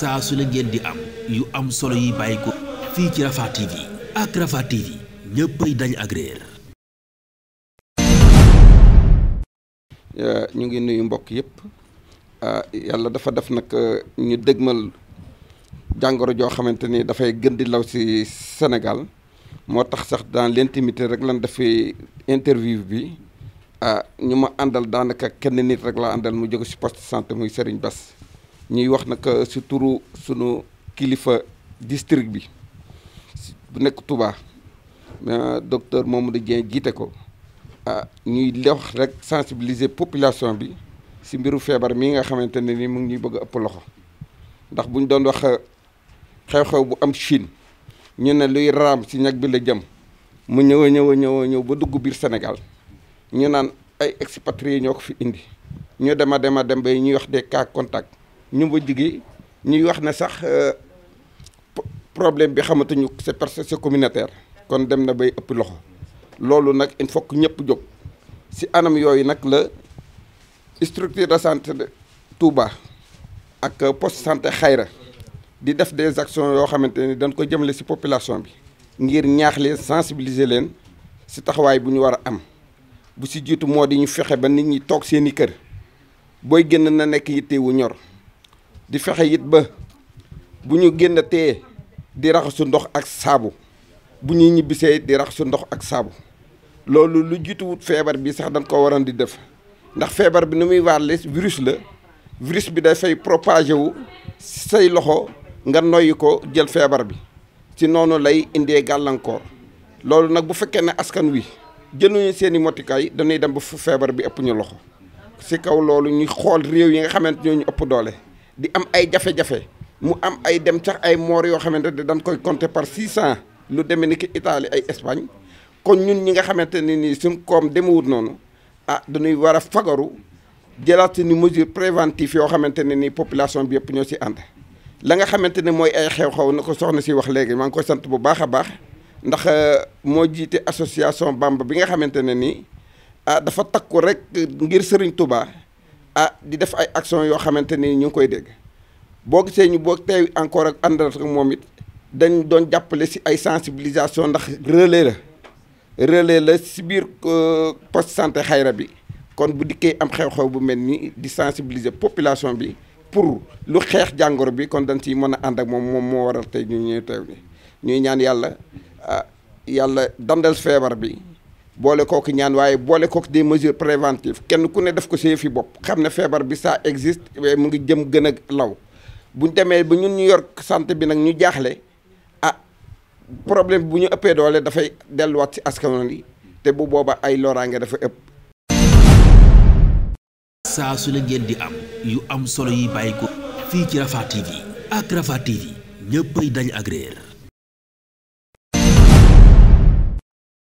saa su ne ngeen di am yu am solo yi bàyyi ko fii ci Rafah TV ak Rafah TV ñëppay dañ ak euh, ñu ngi nuyu mbokk yëpp euh, yàlla dafa def nag euh, ñu dëgmal jàngoro joo xamante ni dafay gën di law ci senegal moo tax sax daan l'intimité rek lan dafay interview bi ñu ma àndal daanaka kenn nit rek laa àndal mu jóge ci post santé muy sëriñ Bass ñuy wax nag euh, si turu sunu kilifa district bi bu nekk Touba euh, docteur Mamadou Dieng jiite ko ah ñuy wax rek sensibiliser population bi si mbiru feebar mii nga xamante ne ni mu ngi ñuy bëgg ëpp loxo ndax bu ñu doon wax xew-xew bu am Chine ñu ne luy raam si ñag bi la jëm mu ñëw a ñëw a ñëw ñëw ba dugg biir Sénégal ñu naan ay expatriés ñoo ko fi indi ñu dema dema dem ba ñuy wax des cas contacts ñu mujj jigee ñuy wax na sax euh, problème bi xamatuñu c'est parce que communautaire kon dem na bay ëpp loxo loolu nag il faut que ñëpp jóg si anam yooyu nag la structure de santé de Touba ak poste santé Xayra di def des actions yoo xamante ni dañ ko jëmale si population bi ngir ñaax leen sensibiliser leen si taxawaay bu ñu war a am bu si jiitu moo di ñu fexe ba nit ñi toog seeni kër booy génn na nekk yittewu ñor di fexe it ba bu ñu génn tee di raxasu ndox ak saabu bu ñuy ñibbisee di raxasu ndox ak saabu loolu lu jiituwut feebar bi sax dañ ko waroon di def ndax feebar bi nu muy wàlle virus la virus bi dafay propagé wu say loxo nga noyyi ko jël feebar bi ci noonu lay indee gàllankoor loolu nag bu fekkee ne askan wi jëluñu seeni i motikaay dañuy dem ba fu feebar bi ëpp ñu loxo ci kaw loolu ñu xool réew yi nga xamante ñoo ñu ëpp doole. di am ay jafe-jafe mu am ay dem sax ay moor yoo xamante ne dañ koy compter par 600 lu demee ni ki Italie ay Espagne kon ñun ñi nga xamante ni nii suñ koom demewut noonu ah dañuy war a fagaru jëlaat ni mesure préventive yoo xamante ne nii population bi yëpp ñoo ci ànd. la nga xamante ne mooy ay xew-xew na ko soxna si wax léegi maa ngi koy sant bu baax a baax ndax euh, moo jiite association Bamba bi nga xamante ne nii ah dafa takku rek ngir Serigne Touba. ah di def ay action yoo xamante ni ñu ngi koy dégg boo gisee ñu boo tey encore ak àndal ak moom it dañ doon jàppale si ay sensibilisation ndax relais la relais la si biir euh, poste santé xayra bi kon bu dikkee am xew-xew bu mel ni di sensibiliser population bi pour lu xeex jàngoro bi kon dañ ciy mën a ànd ak moom moom moo waral tey ñu ñuy teew ñuy ñaan yàlla ah, yàlla dandal feebar bi boole kooku ñaan waaye boole kooku des mesures préventives kenn ku ne def ko see fi bopp xam ne feebar bi ça existe mu ngi jëm gën a law buñ demee ba ñun ñu yor santé bi nag ñu jaaxle a ah, problème bu ñu ëppee doole dafay delluwaat ci askan wi te bu booba ay loraange dafa ëpp. saa su am yu am solo yi bàyyi ko fii ci Rafah TV ak Rafah TV